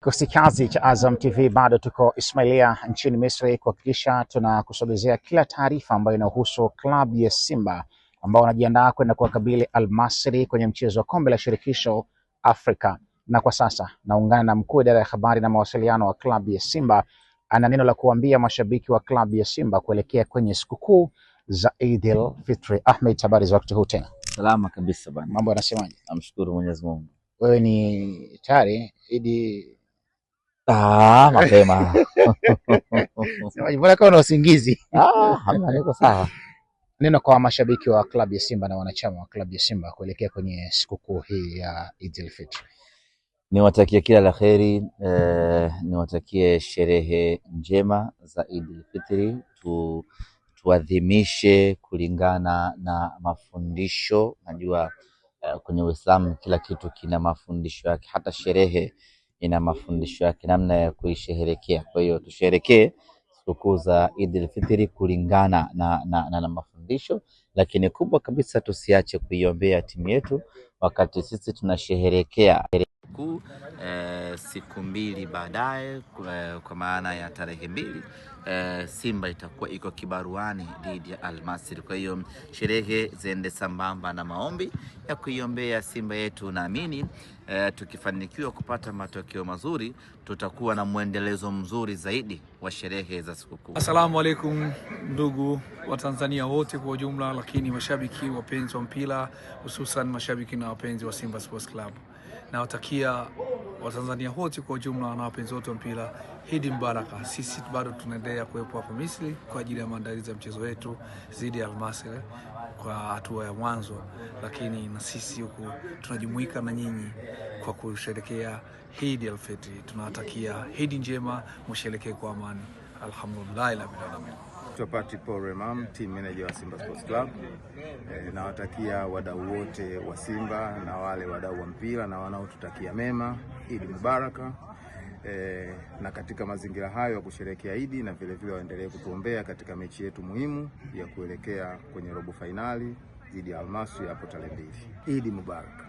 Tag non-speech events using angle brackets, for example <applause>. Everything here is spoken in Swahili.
Kikosi kazi cha Azam TV bado tuko Ismailia nchini Misri kuhakikisha tunakusogezea kila taarifa ambayo inahusu klabu ya Simba ambao wanajiandaa kwenda kuwakabili Al Masry kwenye mchezo wa kombe la shirikisho Afrika. Na kwa sasa naungana na mkuu wa idara ya habari na mawasiliano wa klabu ya Simba, ana neno la kuambia mashabiki wa klabu ya Simba kuelekea kwenye sikukuu za Eid el Fitri. Ahmed, habari za wakati huu tena? Salama kabisa bwana. mambo yanasemaje? Namshukuru Mwenyezi Mungu. Wewe ni tayari Idi Ah, mapema. <laughs> Sema usingizi? Ah, hamna niko sawa. Neno kwa mashabiki wa klabu ya Simba na wanachama wa klabu ya Simba kuelekea kwenye sikukuu hii ya Eid al-Fitr. Niwatakie kila la kheri eh, niwatakie sherehe njema za Eid al-Fitr tu, tuadhimishe kulingana na mafundisho. Najua eh, kwenye Uislamu kila kitu kina mafundisho yake, hata sherehe ina mafundisho yake namna ya kuisherehekea. Kwa hiyo tusherekee sikukuu za Idil Fitri kulingana na, na, na, na mafundisho, lakini kubwa kabisa tusiache kuiombea timu yetu wakati sisi tunasherehekea siku mbili baadaye, kwa maana ya tarehe mbili e, Simba itakuwa iko kibaruani dhidi ya Almasri. Kwa hiyo sherehe ziende sambamba na maombi ya kuiombea Simba yetu. Naamini e, tukifanikiwa kupata matokeo mazuri, tutakuwa na mwendelezo mzuri zaidi wa sherehe za sikukuu. Asalamu alaikum ndugu Watanzania wote kwa ujumla, lakini mashabiki wapenzi wa mpira, hususan mashabiki na wapenzi wa Simba Sports Club nawatakia Watanzania wote kwa ujumla na wapenzi wote wa mpira, Hidi Mbaraka, sisi bado tunaendelea kuwepo hapa Misri kwa ajili ya maandalizi ya mchezo wetu dhidi ya Al kwa hatua ya mwanzo, lakini na sisi huku tunajumuika na nyinyi kwa kusherekea Hidi Alfitri. Tunawatakia Hidi njema, musherekee kwa amani. Alhamdulillahi rabbil alamin. Naitwa Patrick Paul Remam, team manager wa Simba Sports Club. E, nawatakia wadau wote wa Simba na wale wadau wa mpira na wanaotutakia mema Idi Mubaraka. E, na katika mazingira hayo ya kusherehekea Idi na vilevile waendelee kutuombea katika mechi yetu muhimu ya kuelekea kwenye robo fainali dhidi ya Almasri hapo tarehe mbili. Idi Mubaraka.